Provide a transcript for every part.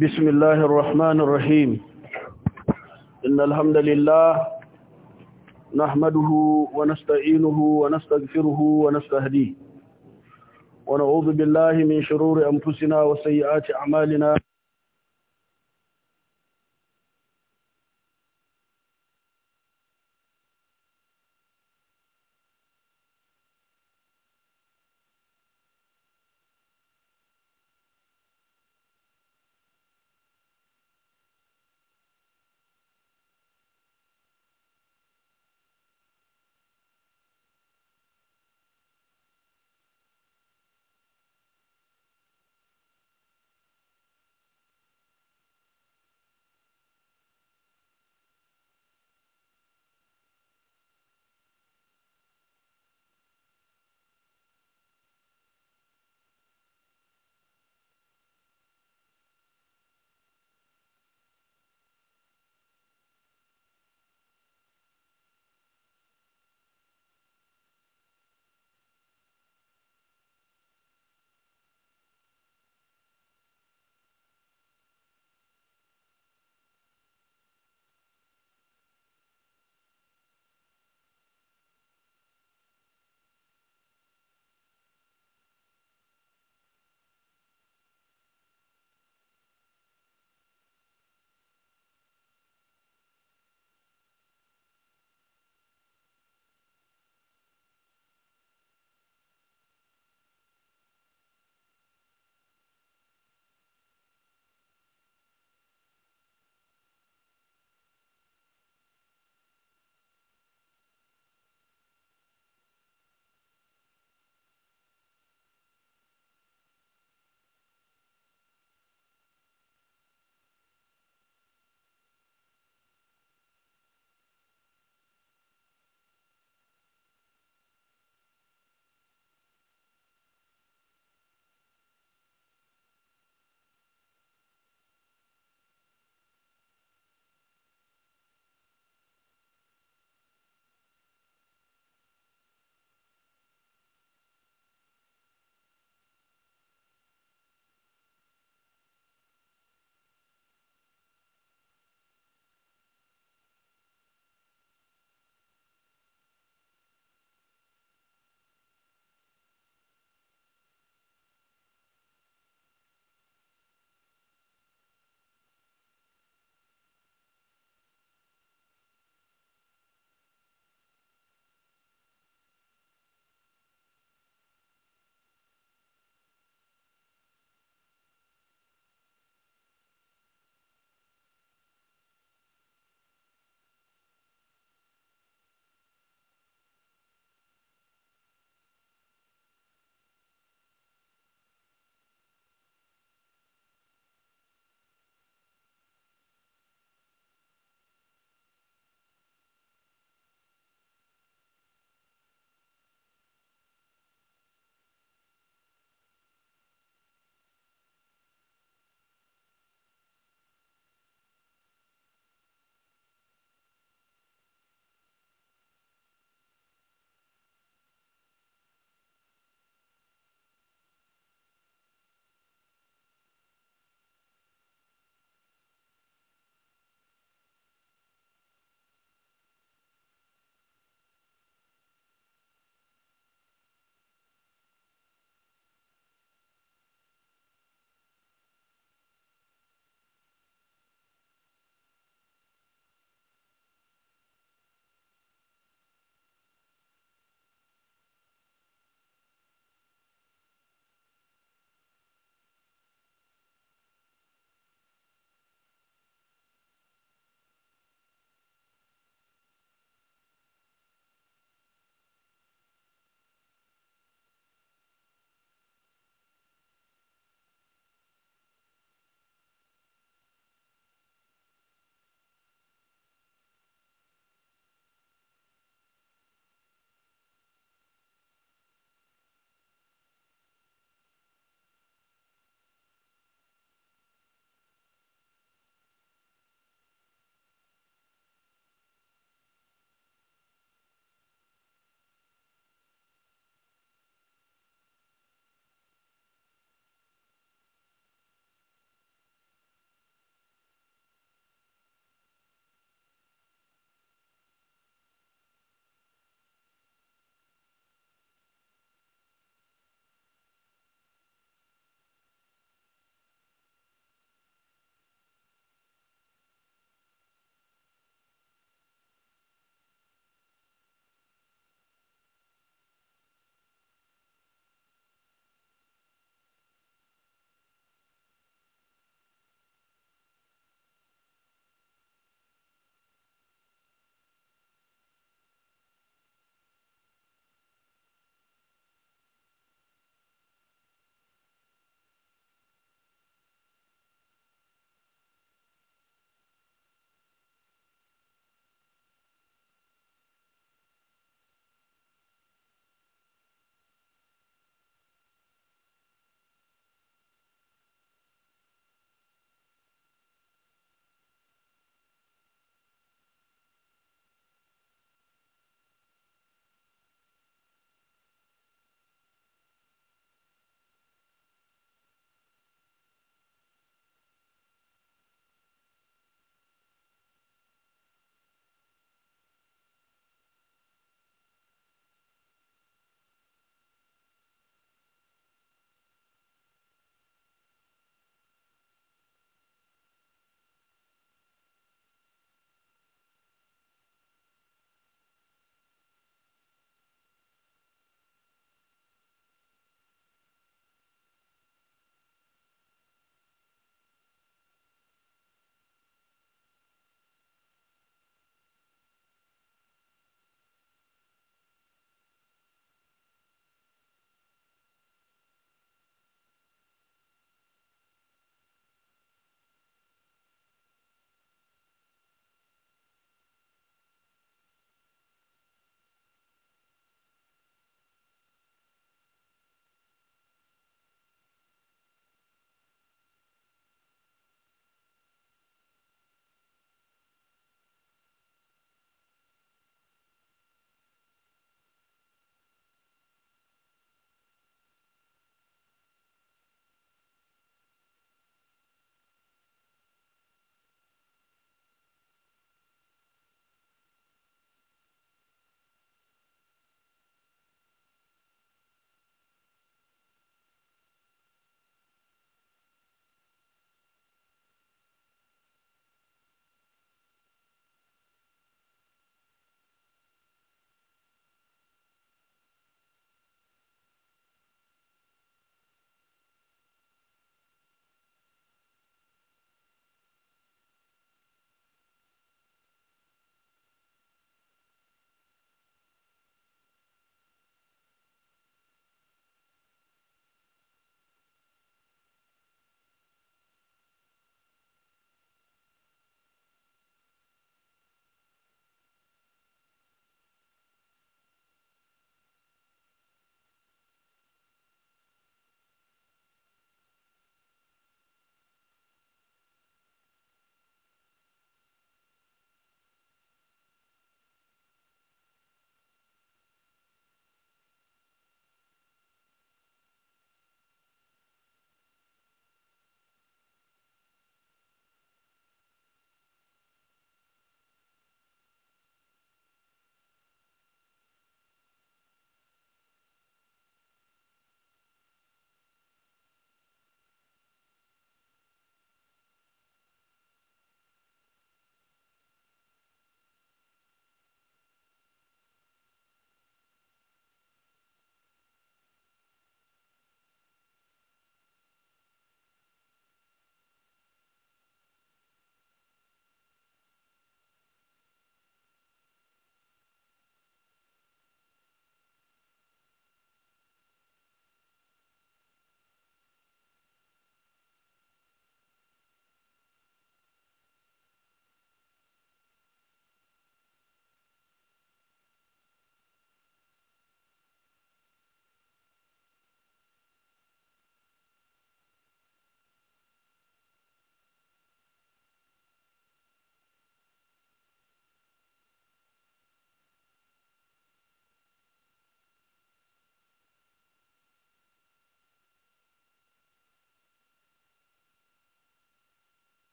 بسم الله الرحمن الرحيم إن الحمد لله نحمده ونستعينه ونستغفره ونستهديه ونعوذ بالله من شرور أنفسنا وسيئات أعمالنا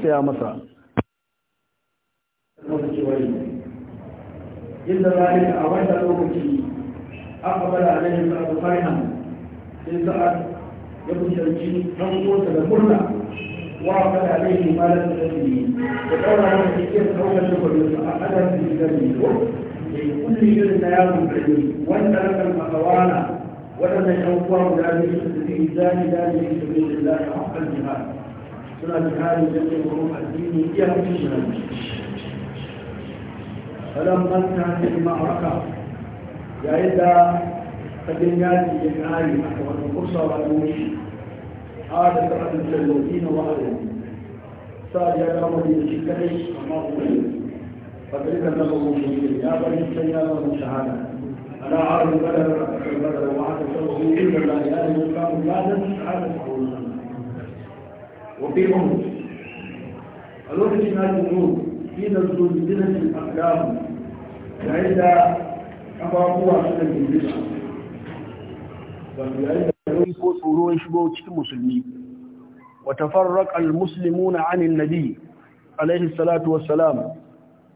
يا مساء إن ذلك أود أبوكي أقبل عليه الصلاة صحيحا في ساعة يبني الجن تنقل تنقل وأقبل عليه ما لم تكن وقال عنه كيف تنقل تنقل أحد في ذلك لكل جن سيار مبعد وإن ترك المخوانا وإن يشوفه ذلك في ذلك ذلك في ذلك حق الجهاد suna jihari da ke wurin addini iya fi shi nan falon manta ta yi ma'araka yayin da kajin yaji ya kare aka wani kursa wa doshi a da tsarin tallafi na wa'adin sa'ad ya kama da shi kadai amma kuma فتلك النظر المسلم يا بني السيارة المشاهدة ألا أعلم بلد وبهم الوقت ما الأمور حين زلزلة الأقلام لعند أبوابها سنة الجزء ko tsoro ya shigo cikin musulmi wata farraƙa al-muslimuna anin nabi alaihi salatu wassalam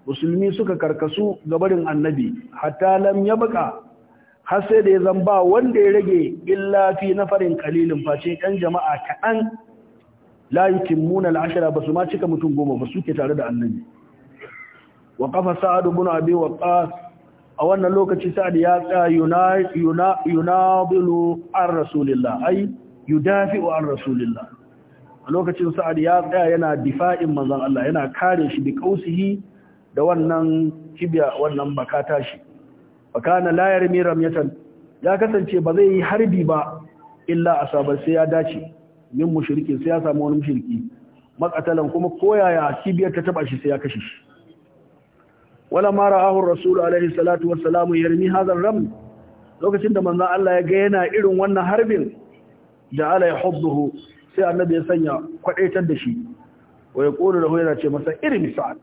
musulmi suka karkasu barin annabi hatta lam ya baka har sai da ya ba wanda ya rage illafi na farin kalilin face 'yan jama'a kaɗan la yutimmuna al-ashra basu ma cika mutum goma ba suke tare da annabi wa qafa sa'ad ibn abi waqqas a wannan lokaci sa'ad ya tsaya yunadilu an rasulillah ai yudafi'u rasulillah a lokacin sa'ad ya tsaya yana difa'in manzon Allah yana kare shi bi kausihi da wannan kibiya wannan makata shi fakana la yarmi ramyatan ya kasance ba zai yi harbi ba illa asabar sai ya dace Yin mushrikin sai ya samu wani mushirki makatalan kuma koyaya kibiyar ta taba shi sai ya kashe shi wala ma ra'ahu rasul alaihi salatu wassalamu yarmi hadar ram lokacin da manzo Allah ya ga yana irin wannan harbin da Ya hubbuhu sai annabi ya sanya kwadaitar da shi wa yaqulu lahu yana ce masa irmi sa'ad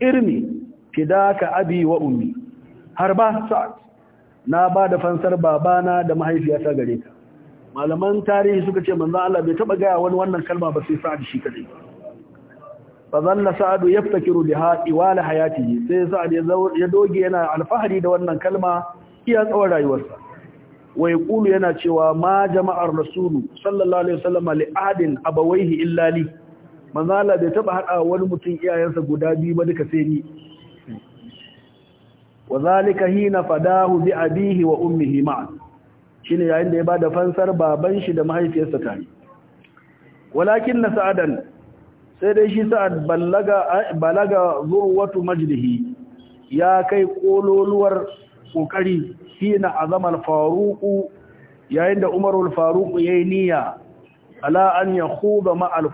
irmi fidaka abi wa ummi harba sa'ad na ba da fansar babana da mahaifiyata gare ka malaman tarihi suka ce manzo Allah bai taba gaya wani wannan kalma ba sai sa'ad shi kadai fa zalla sa'ad yaftakiru biha iwala hayatihi sai sa'ad ya doge yana alfahari da wannan kalma iya tsawon rayuwarsa wa yaqulu yana cewa ma jama'ar rasulu sallallahu alaihi wasallam li ahadin abawaihi illa li manzo Allah bai taba hada wani mutum iyayensa guda biyu ba duka sai ni Hina bi abihi wa ummihi ma'a shine yayin da ya ba da fansar baban shi da mahaifiyarsa tare walakin na sa'adan sai dai shi sa'ad balaga balaga zurwatu ya kai kololuwar kokari hina azamar faruqu yayin da umarul faruqu yayi niyya ala an yakhuba ma al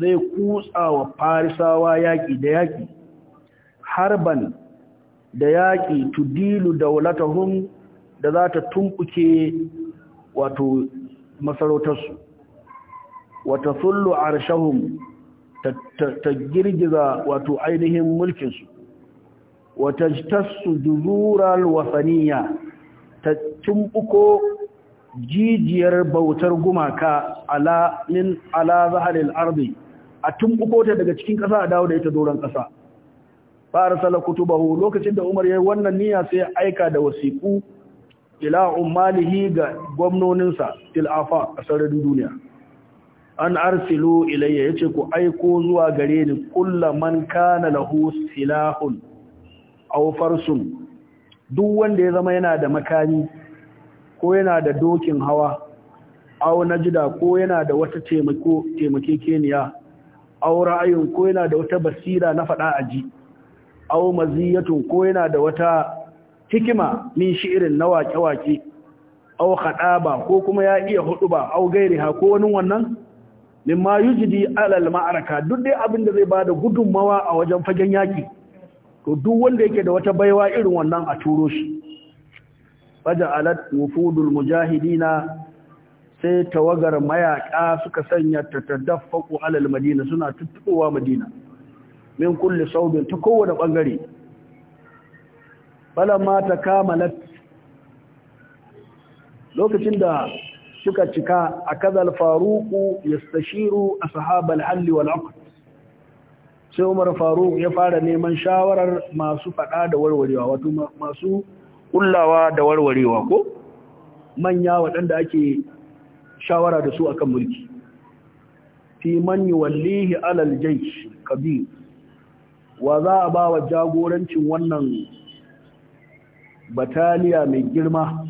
zai kutsa wa farisawa yaƙi da yaki harban da yaki tudilu dawlatahum da za ta tumbuke wato masarautarsu wata sullu rashahun ta girgiza wato ainihin mulkinsu wata tasu juzural wasaniya ta tumbuko jijiyar bautar gumaka ala min ala a tumbuko ta daga cikin ƙasa a dawo da ita doron ƙasa fara salakutu kutubahu lokacin da Umar ya yi wannan niyya sai aika da wasiƙu ila ummalihi ga gwamnoninsa tilafa a sararin duniya an arsilu ilayya yace ku aiko zuwa gare ni kullaman kana lahu silahun aw farsun duk wanda ya zama yana da makami ko yana da dokin hawa aw najida ko yana da wata taimako taimakekeniya aw ra'ayin ko yana da wata basira na fada aji aw maziyatun ko yana da wata hikima min shi'irin na wake waƙe au haɗaba ko kuma ya iya hudu ba au ha, ko wani wannan mimma yujdi alal ma'araka duk dai abin da zai bada gudunmawa a wajen fagen yaki to duk wanda yake da wata baiwa irin wannan a turo shi Baja alat wufudul mujahidina sai tawagar mayaƙa suka sanya tatadaffu alal madina suna tuttuɓowa madina min kulle saubin ta kowane ɓangare. Balan ma falamma takamalat lokacin da suka cika a akaza al-faruq yastashiru ashab al-hal wal-aqd sai Umar Faruq ya fara neman shawarar masu fada da warwarewa wato masu kullawa da warwarewa ko manya waɗanda ake shawara da su akan mulki fi man yuwallihi alal jaysh kabir wa za a ba wa jagorancin wannan bataliya mai girma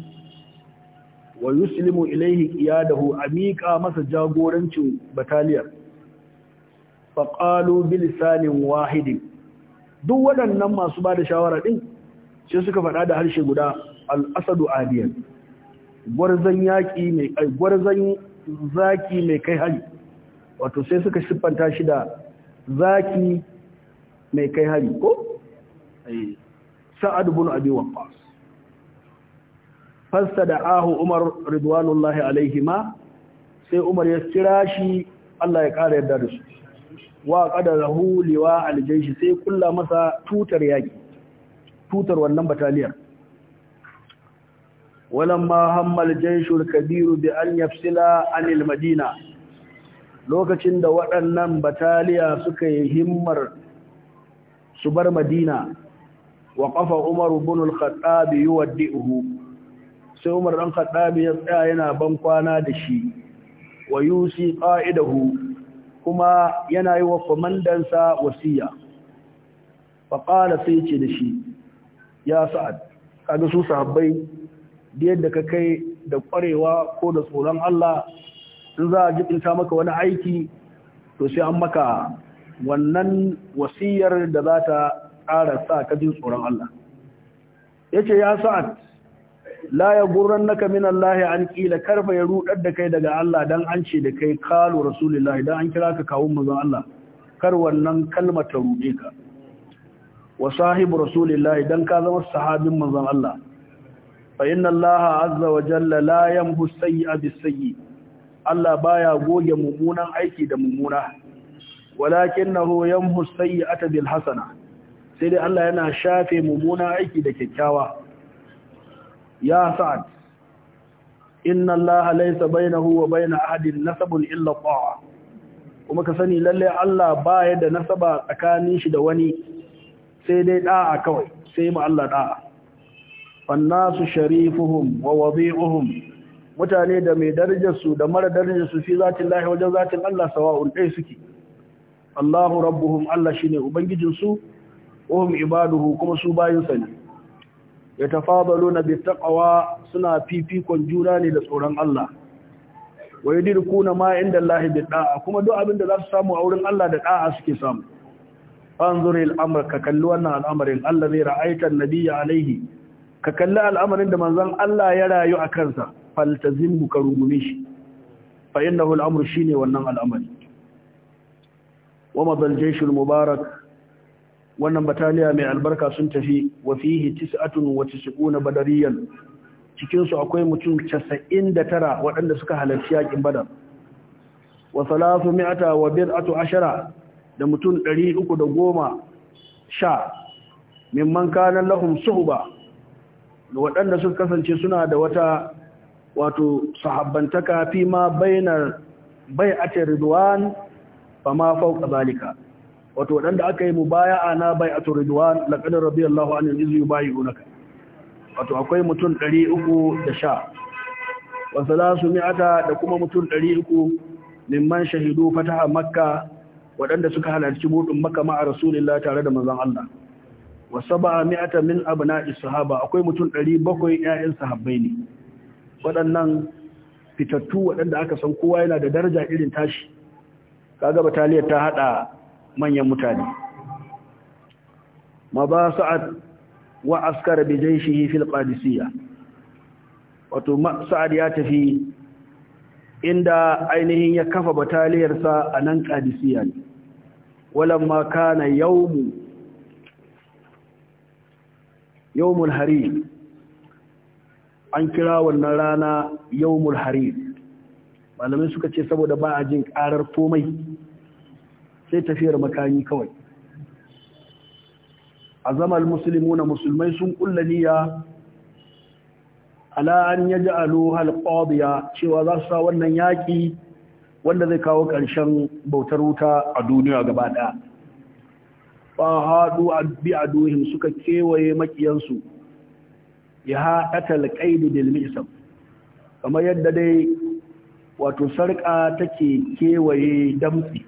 wa yuslimu ilaihi qiyadahu amika masa jagorancin bataliyar fa qalu lisanin wahidin duk waɗannan masu bada shawara din sai suka faɗa da harshe guda al-asadu adiyan gwarzan yaki mai gwarzan zaki mai kai hari wato sai suka siffanta shi da zaki mai kai hari ko sa'ad ibn abi waqqas fasta da ahu Umar ridwanullahi alaihima sai Umar ya kira shi Allah ya kara yadda da su wa huliwa liwa shi sai kulla masa tutar yaki tutar wannan bataliyar ma hamma aljaysh Kabiru bi an yafsila anil madina lokacin da waɗannan bataliya suka yi himmar su bar madina wa qafa umar ibn al-khattab yuwaddihu sai Umar ɗan Khattab ya tsaya yana ban kwana da shi wa yusi ƙa’idahu kuma yana yi wa kwamandansa sa wasiya fa ƙala sai ce da shi ya sa'ad kaga su sahabbai da yadda ka kai da ƙwarewa ko da tsoron Allah in za a ta maka wani aiki to sai an maka wannan wasiyar da za ta ƙara sa ka jin tsoron Allah ya ce ya sa'ad la naka min an ƙila karfa ya rudar da kai daga Allah dan an ce da kai kalu rasulullahi dan an kira ka kawun mazan Allah kar wannan kalma ta rude ka wa sahibu rasulillahi dan ka zama sahabin mazan Allah fa inna Allah azza wa jalla la yamhu sayyi'a sayyi Allah baya goge mummunan aiki da mummuna walakinahu yamhu sayyi'ata bil hasana sai dai Allah yana shafe mummuna aiki da kyakkyawa ya sa'ad inna allaha laysa bainahu wa bain ahadin nasabun illa ta'a kuma ka sani lalle Allah baya da nasaba tsakanin shi da wani sai dai da'a kawai sai mu Allah da'a fannasu sharifuhum wa wadi'uhum mutane da mai darajar su da mara darajar su fi zatin lahi wajen zatin Allah sawa'un dai suke Allahu rabbuhum Allah shine ubangijin su wahum ibaduhu kuma su bayin sa ne ya tafadalo na bittakawa suna fifikon juna ne da tsoron Allah wa yi dirku ma inda Allah bi da'a kuma duk abin da za su samu a wurin Allah da da'a suke samu anzuri al'amr ka kalli wannan al'amarin Allah zai ra'aita annabiyya alaihi ka kalli al'amarin da manzon Allah ya rayu a kansa faltazimhu ka rungume shi fa innahu al'amru shine wannan al'amari wa madal jayshul mubarak wannan bataliya mai albarka sun tafi wa fihi tis'atun wa tis'una badariyan cikin su akwai mutum 99 waɗanda suka halarci yakin badar wa salatu mi'ata wa bid'atu ashara da mutum 310 sha mimman kana lahum suhba waɗanda suka kasance suna da wata wato sahabbantaka fi ma bainar bai'atir ridwan fama fawqa zalika wato waɗanda aka yi mubaya'a na bai a ridwan laƙadar rabi Allahu anin izu wato akwai mutum ɗari uku da mi'ata da kuma mutum ɗari mimman shahidu fataha makka waɗanda suka halarci buɗin makka ma rasulillah tare da manzon Allah wasu ba mi'ata min abna'i sahaba akwai mutum ɗari bakwai 'ya'yan sahabbai ne waɗannan fitattu waɗanda aka san kowa yana da daraja irin tashi kaga bataliyar ta haɗa manyan mutane Sa'ad wa askara bi jayshihi fil qadisiyya wato sa'ad ya tafi inda ainihin ya kafa bataliyarsa a nan qadisiyya ne walamma kana yawmu yawmul harir an kira wannan rana yawmul harir malamai suka ce saboda ba a jin karar komai sai tafiyar makami kawai azamal muslimuna musulmai sun kulla niyya ala an yaj'alu hal qadiya cewa za su sa wannan yaƙi wanda zai kawo ƙarshen bautar wuta a duniya gaba Ba fa hadu bi aduhim suka kewaye makiyansu ya haɗatal qaid bil misam kamar yadda dai wato sarƙa take kewaye damtsi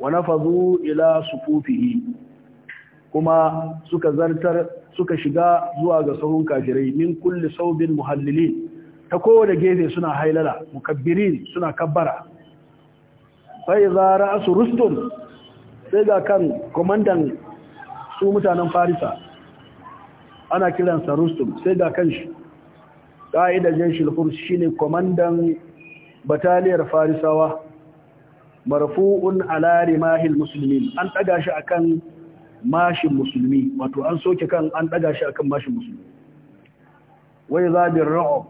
wa fazo ila sufufihi kuma suka zartar suka shiga zuwa ga sahun kafirai min kulli saubin muhallilin ta kowane gefe suna hailala mukabbirin suna kabbara sai za ra'asu rustum sai ga kan komandan su mutanen farisa ana kiransa rustum sai ga kan shi ƙa'idar jenshil hurs shine komandan bataliyar farisawa marfu'un ala rimahil muslimin an daga shi akan mashin musulmi wato an soke kan an daga shi akan mashin musulmi wai bi ra'u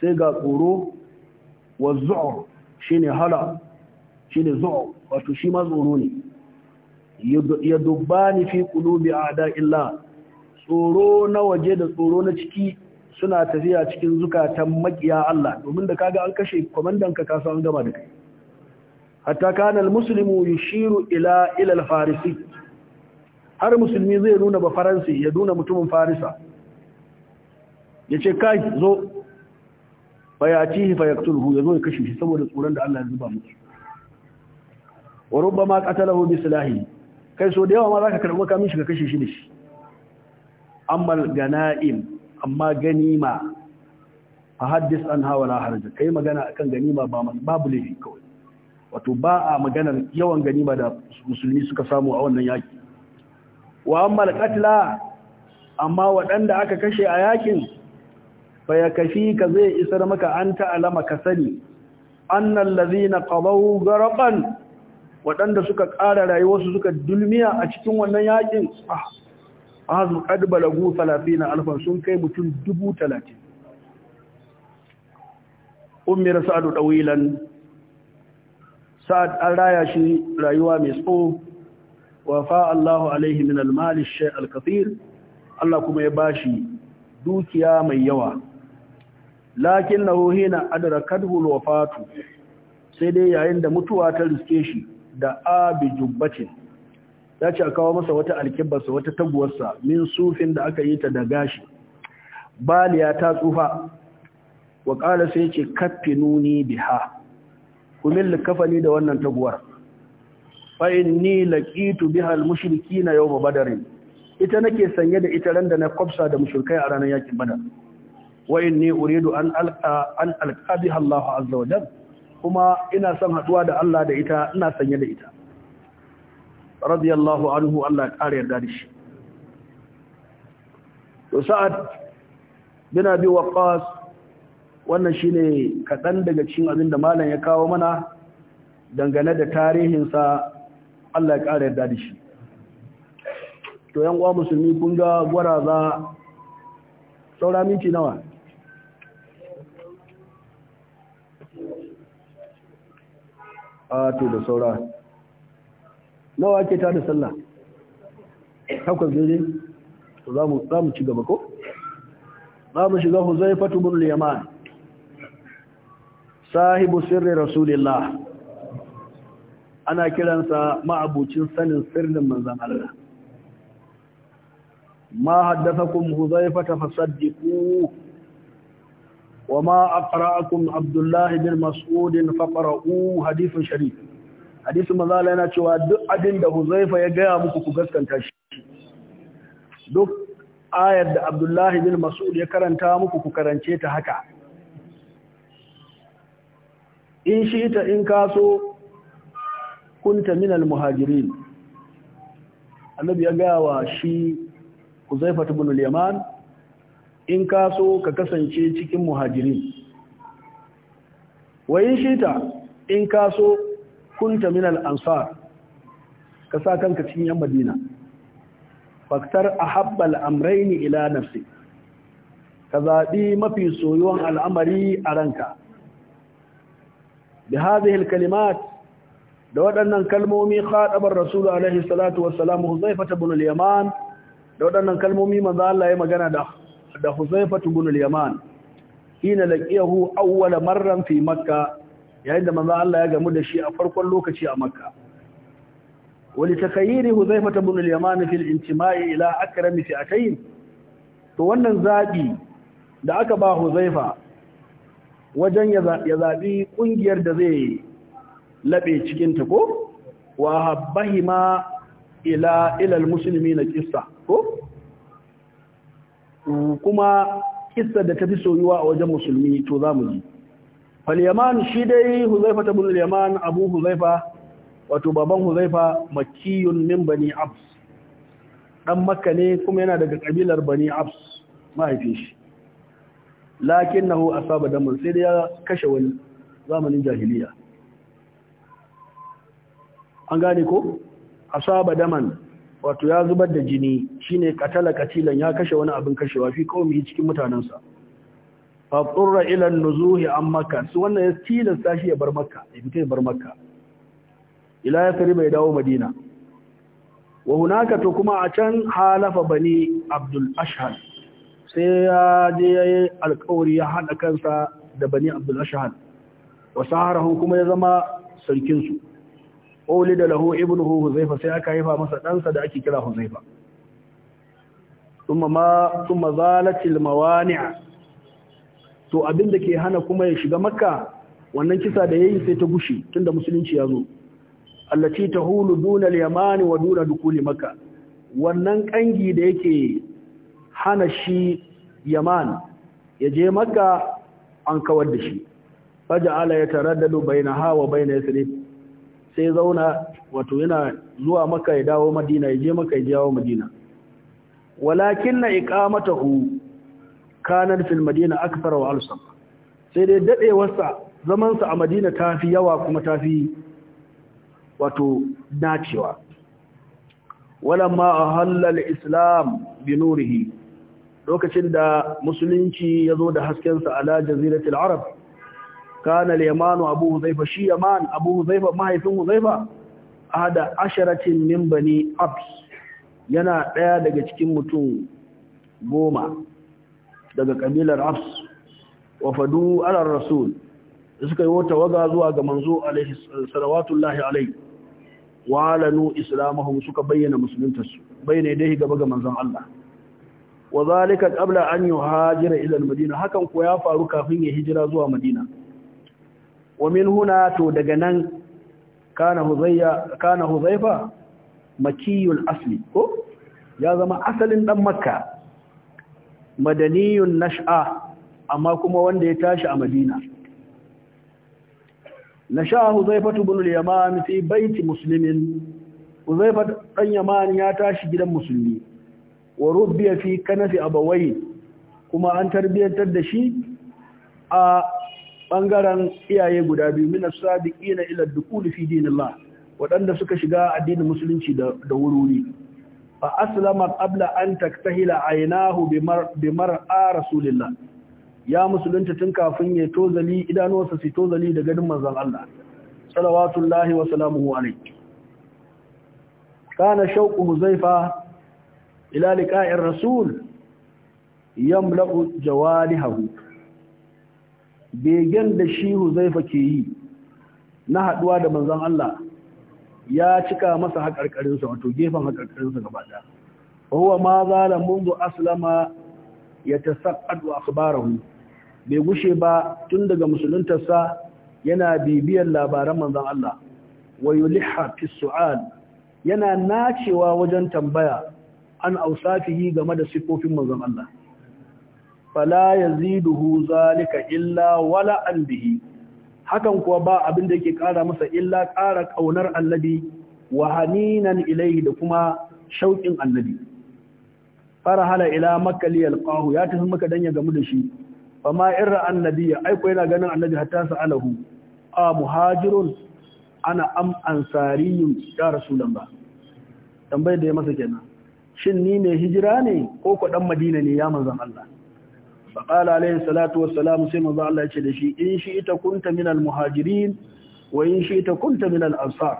sai ga tsoro wa zu'ur shine hala shine zu'ur wato shi ma tsoro ne ya dubbani fi qulubi a'da'illah tsoro na waje da tsoro na ciki suna tafiya cikin zukatan makiya Allah domin da kaga an kashe komandan ka kasan an gama da kai hatta kana almuslimu yushiru ila ila alfarisi har musulmi zai nuna ba faransi ya nuna mutumin farisa yace kai zo fayatihi fayaktulhu yazo ya kashe shi saboda tsoron da Allah ya zuba musu wa rubbama qatalahu bi silahi kai so da yawa ma zaka karbi makamin shi ka kashe shi da shi ammal ganaim amma ganima fa haddis an hawala harja kai magana akan ganima ba babu laifi kawai wato ba a maganar yawan ganima da musulmi suka samu a wannan yaki wa amma alqatla amma waɗanda aka kashe a yakin fa kafi ka zai isar maka an ta'alama ka sani annal Lazina, qadaw gharqan waɗanda suka ƙara rayuwarsu suka dulmiya a cikin wannan yakin azu ah, qad balagu alfa sun kai mutum 30000 ummi rasadu dawilan sa'ad an raya shi rayuwa mai tso wafa Allahu alaihi min al-mali shay Allah kuma ya bashi dukiya mai yawa lakinnahu hina adrakathu al-wafatu sai dai yayin da mutuwa ta riske shi da abi jubbatin ya ce a kawo masa wata alkibarsa wata taguwarsa min sufin da aka yi ta da gashi baliya ta tsufa wa ƙala sai ce kaffinuni nuni biha ku milli kafani da wannan taguwar fa inni laqitu biha almushrikina mushrikeena yawm badr ita nake sanye da ita randa na kwabsa da mushrikai a ranar yakin badar wa inni uridu an alqa an alqa biha Allah azza wa jalla kuma ina son haduwa da Allah da ita ina sanye da ita radiyallahu anhu Allah ya kare yarda da shi to sa'ad bin abi waqas wannan shi ne kaɗan daga cikin abin da malam ya kawo mana dangane da tarihinsa Allah ya ƙara yarda da shi to yan uwa musulmi kun ga gwaraza saura minti nawa a to da saura nawa ke ta da sallah takwas ne za mu ci gaba ko za mu shiga huzaifatu bin yaman sahibu sirri rasulillah ana kiransa ma'abucin sanin sirrin manzan Allah ma haddathakum huzaifa fasaddiqu wa ma aqra'akum abdullah bin mas'ud faqra'u hadithun sharif hadisi manzan Allah yana cewa duk abin da huzaifa ya gaya muku ku gaskanta shi duk ayar da abdullah bin mas'ud ya karanta muku ku karance ta haka in shi ta in kaso kunta minal muhajirin annabi ya gaya wa shi kuzaifatu bin al-yaman in kaso ka kasance cikin muhajirin wa in shi ta in kaso kunta minal ansar ka sa kanka cikin yan madina faktar ahabbal amrayni ila nafsi ka zaɓi mafi soyuwan al'amari a ranka بهذه الكلمات da waɗannan kalmomi khatabar rasul alaihi salatu wassalam huzaifah ibn al-yaman da waɗannan kalmomi manzo Allah ya magana da da huzaifah ibn al-yaman hina laqiyahu awwal marran fi makka yayin da manzo Allah ya gamu da shi a farkon lokaci a makka wali takayiri huzaifah ibn al-yaman fi intimai ila akram fi'atayn to wannan zabi da aka ba huzaifa wajen ya zaɓi ƙungiyar da zai laɓe cikinta ko wa habbahima ila ilal musulmi na ƙista ko kuma ƙista da ta fi soyuwa a wajen musulmi to za mu ji falyaman shi dai huzaifa ta bin yaman abu huzaifa wato baban huzaifa makiyun min bani abs Ɗan makka ne kuma yana daga ƙabilar bani abs mahaifin shi lakinnahu asaba damun sai da ya kashe wani zamanin jahiliya an gane ko asaba daman wato ya zubar da jini shine katala katilan ya kashe wani abin kashewa fi qaumi cikin mutanensa. fa qurra ila nuzuhi an makka su wannan ya tilasta shi ya bar makka ya fita ya bar makka ila ya kariba bai dawo madina wa hunaka to kuma a can halafa bani abdul ashhad sai ya je ya yi alkawari ya haɗa kansa da bani abdul wa wasu kuma ya zama sarkinsu oli da lahu ibn huzaifa sai aka haifa masa ɗansa da ake kira huzaifa ma ما ثم to abin da ke hana kuma ya shiga makka wannan kisa da ya yi sai ta gushe tunda musulunci ya zo ta hulu duna liyamani wa duna dukuli makka wannan kangi da yake hana shi yaman ya je maka an kawar da shi faja'ala ya taraddadu ha wa bain yasrib sai zauna wato yana zuwa maka ya dawo madina ya je maka ya dawo madina walakin na kana fil madina akthar wa alsam sai dai dadewarsa zaman sa a madina tafi yawa kuma tafi wato nacewa walamma ahalla al-islam bi nurihi lokacin da musulunci ya zo da haskensa ala jaziratul arab kana al-yamanu abu huzaifa shi yaman abu huzaifa mahaifin huzaifa ahada asharatin min bani abs yana daya daga cikin mutum goma daga kabilar abs wa fadu ala rasul suka yi wata waga zuwa ga manzo alaihi salawatullahi alaihi wa alanu islamahum suka bayyana musuluntarsu bayyana dai gaba ga manzon Allah wa zalika qabla an yuhajira ila al-madina hakan ko ya faru kafin ya hijira zuwa madina wa min huna to daga nan kana huzayya kana huzaifa makiyul asli ko ya zama asalin dan makka madaniyun nash'a amma kuma wanda ya tashi a madina nasha huzaifa ibn al yamani fi bayti muslimin Huzaifa dan yamani ya tashi gidan musulmi wa rubbiya fi kanafi abawai kuma an tarbiyyantar da shi a bangaren iyaye guda biyu min as-sadiqina ila ad-dukhul fi dinillah wadanda suka shiga addinin musulunci da da wururi fa aslama qabla an taktahila aynahu bi rasulillah ya musulunta tun kafin ya tozali idanuwarsa su tozali da ganin manzon Allah salawatullahi wa salamuhu alayhi kana shauqu huzaifa ila liqa'ir rasul yamla'u jawarihahu begen da shi huzaifa ke yi na haduwa da manzon Allah ya cika masa hakarkarinsa wato gefen hakarkarinsa gaba daya huwa ma zala mundu aslama yatasaqqadu akhbarahu bai gushe ba tun daga musuluntarsa yana bibiyar labaran manzon Allah wa yulihha fi su'al yana nacewa wajen tambaya an ausatihi game da sifofin manzon Allah fala yaziduhu zalika illa wala an bihi hakan kuwa ba abin da yake kara masa illa kara kaunar annabi wa haninan ilayhi da kuma shauƙin annabi farahala ila makka li yalqahu ya tafi maka dan ya gamu da shi fa ma irra annabiya ai ko yana ganin annabi hatta sa'alahu a muhajirun ana am ansariyun ya rasulullah tambayar da ya masa kenan shin ni mai hijira ne ko ku dan madina ne ya manzon Allah fa qala alayhi salatu wassalam sai manzon Allah ya ce da shi in shi ita kunta min al muhajirin wa in shi ita kunta min al ansar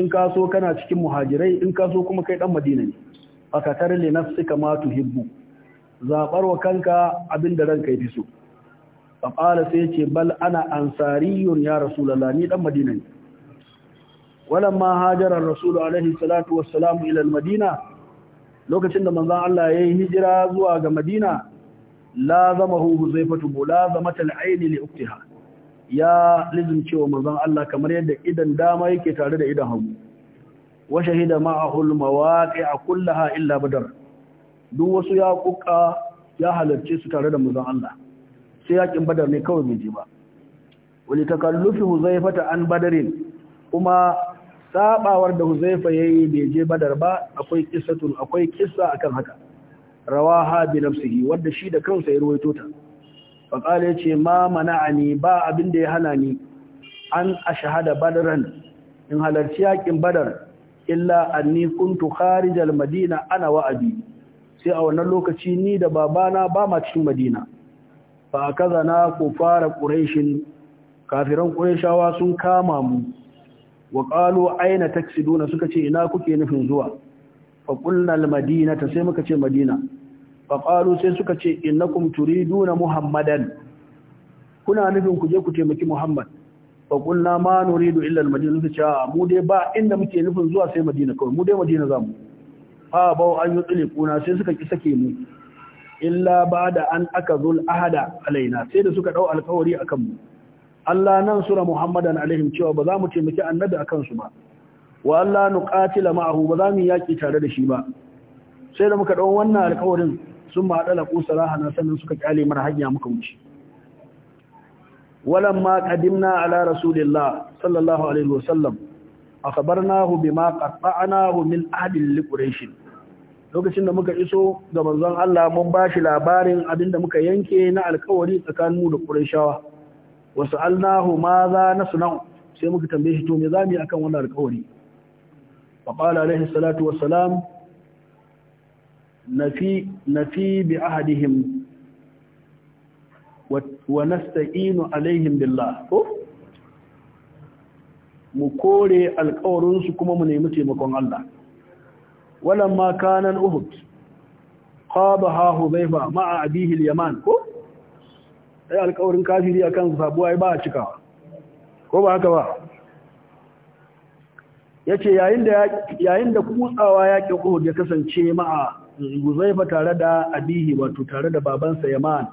in ka so kana cikin muhajirai in ka so kuma kai dan madina ne fakatar li nafsika ma tuhibbu zabar wa kanka abinda ranka yafi so fa qala sai ce bal ana ansariyun ya rasulullah ni dan madina ne ولما هاجر الرسول عليه الصلاه والسلام الى المدينه lokacin da manzon Allah ya yi hijira zuwa ga Madina la zama hu huzaifatu la zama tal'aini li uktiha ya cewa Manzan Allah kamar yadda idan dama yake tare da idan hagu wa shahida ma'ahu al-mawaqi'a kullaha illa badar duk wasu ya kuka ya halarce su tare da manzon Allah sai yakin badar ne kawai bai je ba wani takallufi huzaifata an badarin kuma sabawar da huzaifa yayi bai je badar ba akwai qissatun akwai kisa akan haka rawaha bi nafsihi wanda shi da kansa ya ruwaito ta fa ya yace ma mana'ani ba abin da ya hana ni an ashhada badran in halarci yakin badar illa anni kuntu kharijal madina ana wa abi sai a wannan lokaci ni da babana ba ma cikin madina fa kaza na ku fara quraishin kafiran quraishawa sun kama mu wa qalu ayna taksiduna suka ce ina kuke nufin zuwa fa qulna al madinata sai muka ce madina fa qalu sai suka ce innakum turiduna muhammadan kuna nufin ku je ku taimaki muhammad fa qulna ma nuridu illa al madina suka ce mu dai ba inda muke nufin zuwa sai madina kawai mu dai madina zamu fa ba an yutsile kuna sai suka ki sake mu illa ba da an aka zul ahada alaina sai da suka dau alkawari akan mu Allah nan sura Muhammadan alaihim cewa ba za mu taimaki annabi a kansu ba wa Allah nuqatila ma'ahu ba za mu yaki tare da shi ba sai da muka dawo wannan alƙawarin sun ma dala qusalaha na sannan suka kyale mar hanya muka wuce walamma qadimna ala rasulillah sallallahu alaihi wasallam akhbarnahu bima qatta'nahu min ahdil liquraish lokacin da muka iso ga manzon Allah mun bashi labarin abinda muka yanke na alƙawari mu da Qurayshawa wasu alnahu ma za na sunau sai muka tambaye shi to me za mu yi akan wannan alƙawari fa qala alaihi salatu Wasalam na fi bi ahadihim wa nasta'inu alaihim billah ko mu kore alƙawarin su kuma mu nemi taimakon Allah walamma kanan uhud qaba ha hudayfa ma'a Abihil yaman ko ai alkawarin kafiri akan sabuwa ba a cikawa ko ba haka ba yace yayin da yayin da kutsawa yaƙi Uhud ya kasance ma'a Guzaifa tare da abihi wato tare da babansa Yaman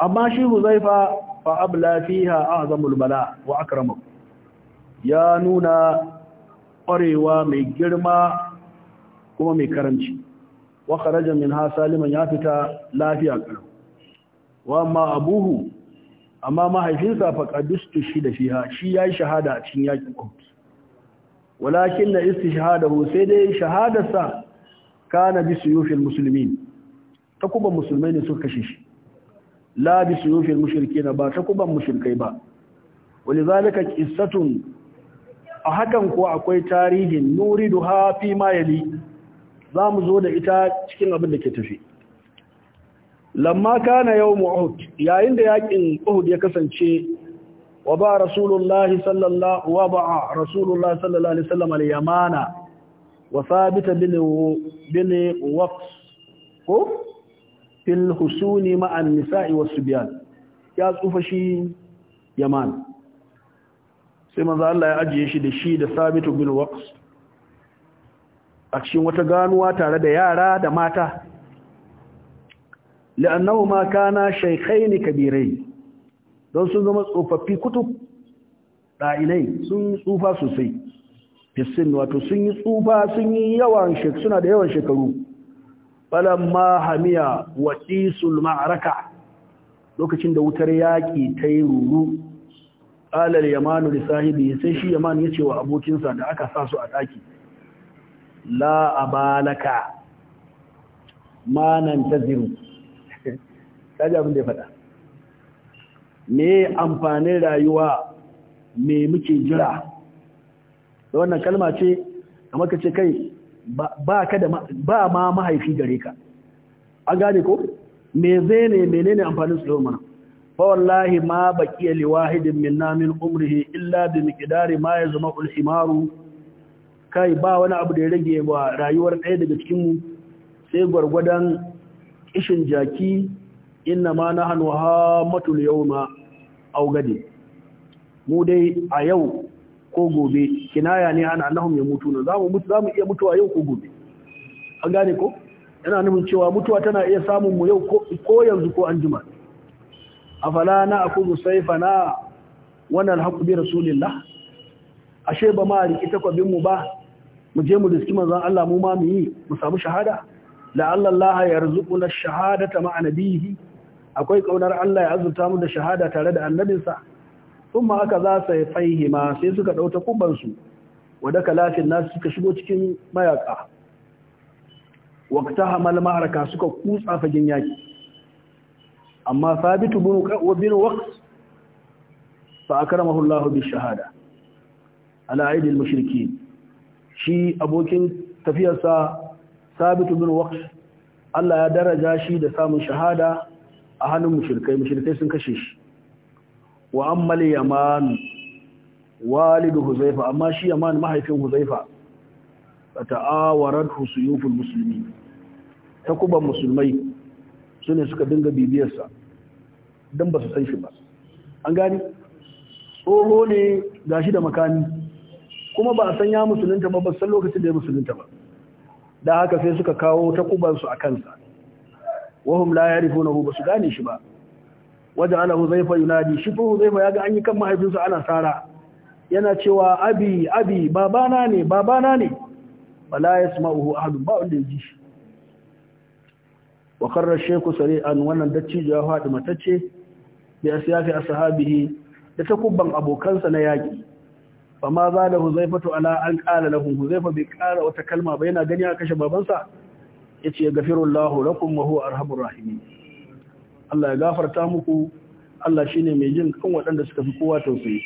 amma shi Guzaifa fa abla fiha azamul bala wa akramu ya nuna ƙwarewa mai girma kuma mai karanci wa kharaja minha saliman ya fita lafiya karam. wa ma abuhu amma mahaifinsa faqadustu shi da fiha shi yayi shahada a cikin yaƙin Uhud walakin na istishhadahu sai dai shahadarsa kana bi suyufil muslimin takuban musulmai ne suka kashe shi la bi suyufil mushrikeena ba takuban mushrikai ba walizalika qissatun a hakan ko akwai tarihin nuriduha fi ma yali zamu zo da ita cikin abin da ke tafi lamma kana yawmu uhud yayin da yakin uhud ya kasance wa ba rasulullah sallallahu wa ba rasulullah sallallahu alaihi wasallam al-yamana wa thabit bin bin waqs ko fil husuni ma'a an-nisa'i was-subyan ya tsufa shi yaman sai manzo Allah ya ajiye shi da shi da thabit bin waqs a cikin wata ganuwa tare da yara da mata la'annahu ma kana shaykhain kabirai don sun zama tsofaffi kutu? da'inai sun tsufa sosai fisin wato sun yi tsufa sun yi yawan shek suna da yawan shekaru falamma hamiya wa qisul lokacin da wutar yaƙi ta yi ruru alal yamanu li sahibi sai shi yaman yace wa abokinsa da aka sa su a daki la abalaka ma nan taziru kaji abin da ya faɗa me amfanin rayuwa me muke jira da wannan kalma ce kamar ka ce kai ba ma mahaifi gare ka an gane ko me ne menene amfanin su mana fa wallahi ma baki li wahidin minna min umrihi illa bi miqdari ma ya zama himaru kai ba wani abu da ya rage wa rayuwar ɗaya daga cikin mu sai gwargwadon kishin jaki inna ma nahnu hamatul ma aw gadi mu dai a yau ko gobe kinaya ne an ya mutu na? mutu mu iya mutuwa yau ko gobe an gane ko yana nufin cewa mutuwa tana iya samun mu yau ko yanzu ko an jima fala na akuzu sayfana wannan haqqu bi rasulillah ashe ba ma riki takwabin mu ba mu je mu diski manzan Allah mu ma mu yi mu samu shahada la Allah ya shahadata ma'a akwai ƙaunar Allah ya azurta mu da shahada tare da annabinsa sun ma aka za su sai suka ɗauta kubansu wadda kalafin nasu suka shigo cikin mayaka wakta hamal ma'araka suka kutsa fagen yaki amma sabitu bin waqt fa akramahu Allah bi shahada ala aidil mashirki, shi abokin tafiyarsa sabitu bin waqt Allah ya daraja shi da samun shahada a hannun mushrikai mushrikai sun kashe shi wa ammal yaman walidu huzaifa amma shi yaman mahaifin huzaifa ta'awarat husuyuful muslimin takuban musulmai sune suka dinga bibiyarsa dan ba su san shi ba an gani tsoho ne gashi da makami kuma ba a san ya musulunta ba ba san lokacin da ya musulunta ba da haka sai suka kawo takubansu a kansa wahum la yarifunahu basu gane shi ba wajen ala Zaifa yunadi shi fa huzaifa ya ga an yi kan mahaifinsa ana sara yana cewa abi abi babana ne babana ne bala yasma'uhu ahadun ba wanda ya ji shi wa karrar sheku sari'an wannan dattijo ya faɗi matacce bi asyafi ashabihi da kubban abokansa na yaki fa ma za da huzaifatu ala an qala lahu huzaifa bi qala wata kalma ba yana gani a kashe babansa gafirun lahu rakun wa a arhamur rahimin Allah ya gafarta muku Allah shine mai jin kan waɗanda suka fi kowa tausayi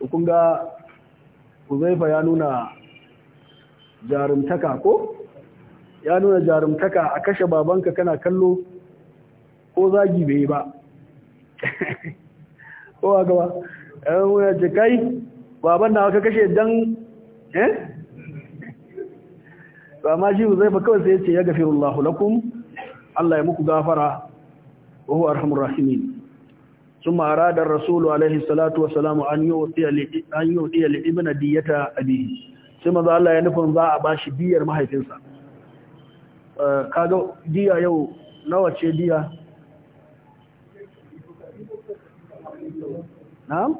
hukun ga Uzaifa ya nuna jarumtaka ko ya nuna jarumtaka a kashe babanka kana kallo ko zagi bai ba kowa gaba ya nuna jikai baban na aka kashe dan eh to amma shi Uzaifa kawai sai ce ya gafirullahu lakum Allah ya muku gafara wa huwa arhamur rahimin thumma arada ar-rasulu alaihi salatu wa salamu an yu'ti an yu'ti al ibn diyata abihi sai manzo Allah ya nufin za a bashi diyar mahaifinsa eh, kaga diya yau nawa ce diya na'am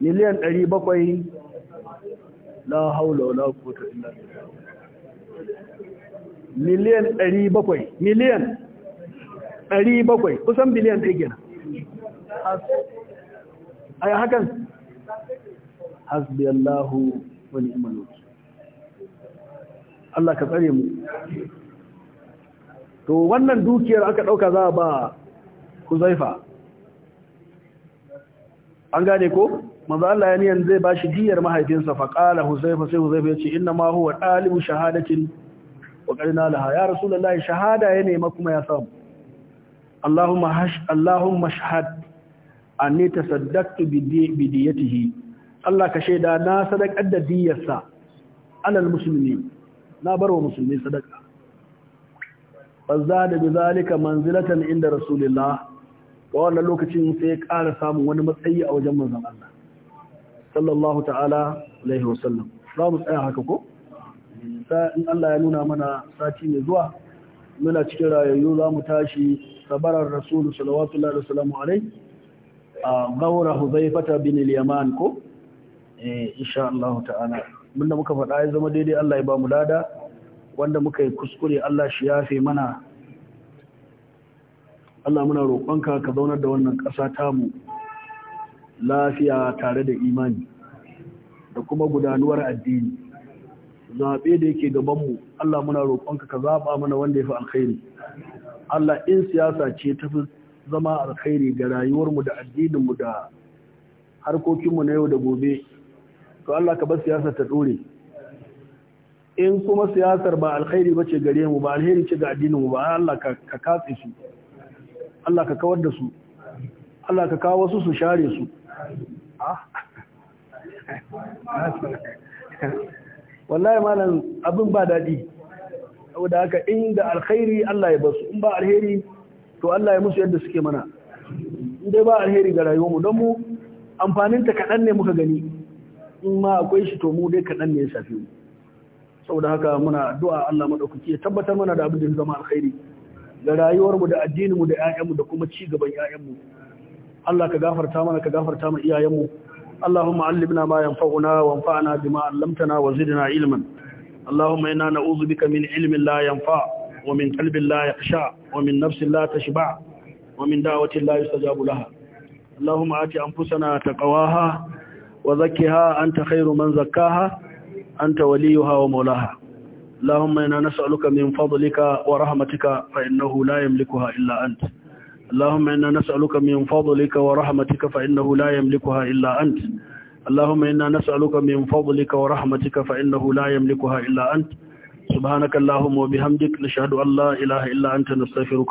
miliyan 700 la haula wala quwwata illa billah miliyan 700 miliyan 700 kusan biliyan ɗaya gina yi hakan hasbiyallahu wani wa Allah ka tsare mu to wannan dukiyar aka ɗauka za ba ku zaifa an gane ko manzo Allah ya niyan zai bashi diyar mahaifinsa fa qala huzaifa sai huzaifa yace inna ma huwa dalibu shahadatin wa qarina laha ya rasulullahi shahada ya nema kuma ya samu Allahumma hash Allahumma shahad anni tasaddaqtu bi diyatihi Allah ka shaida na sadaqar da diyarsa alal muslimin na barwa musulmi sadaka fazada bi zalika manzilatan inda rasulillah wa wannan lokacin sai ya kara samun wani matsayi a wajen manzon Allah sallallahu ta'ala alaihi wasallam za mu tsaya haka ko in Allah ya nuna mana sati mai zuwa muna cikin rayayyu za mu tashi sabarar rasulu salawatullahi da salamu alai a gaura huzaifata bin yaman ko eh insha Allah ta'ala abinda muka faɗa ya zama daidai Allah ya ba mu lada wanda muka yi kuskure Allah shi yafe mana Allah muna roƙonka ka zaunar da wannan ƙasa tamu lafiya tare da imani da kuma gudanuwar addini zaɓe da yake gabanmu Allah muna roƙonka ka zaɓa mana wanda ya fi alkhairi Allah in siyasa ce ta fi zama alkhairi ga rayuwarmu da addininmu da harkokinmu na yau da gobe to Allah ka bar siyasa ta ɗore in kuma siyasar ba alkhairi ba ce gare mu ba alheri ce ga addininmu ba Allah ka katse su Allah ka kawar da su Allah ka kawo su su share su wallahi malam abin ba daɗi saboda haka inda alkhairi Allah ya su in ba alheri to Allah ya musu yadda suke mana in dai ba alheri ga rayuwarmu don mu amfanin ta kaɗan ne muka gani in ma akwai shi to mu dai kaɗan ne ya shafi mu saboda haka muna addu'a Allah madaukaki ya tabbatar mana da abin da zama alkhairi ga rayuwarmu da addininmu da 'ya'yanmu da kuma ci gaban 'ya'yanmu Allah ka gafarta mana ka gafarta mu iyayenmu Allahumma allibna ma yanfa'una wanfa'na bima 'allamtana wazidna ilman Allahumma inna na'udhu bika min ilmin la yanfa' wa min qalbin la yakhsha wa min nafsin la tashba' wa min da'watin la yustajabu laha Allahumma ati anfusana taqwaha wa zakkiha anta khayru man zakkaha anta waliyuha wa mawlaha Allahumma inna nas'aluka min fadlika wa rahmatuka fa innahu la yamlikuha illa anta اللهم إنا نسألك من فضلك ورحمتك فإنه لا يملكها إلا أنت اللهم إنا نسألك من فضلك ورحمتك فإنه لا يملكها إلا أنت سبحانك اللهم وبحمدك نشهد أن لا إله إلا أنت نستغفرك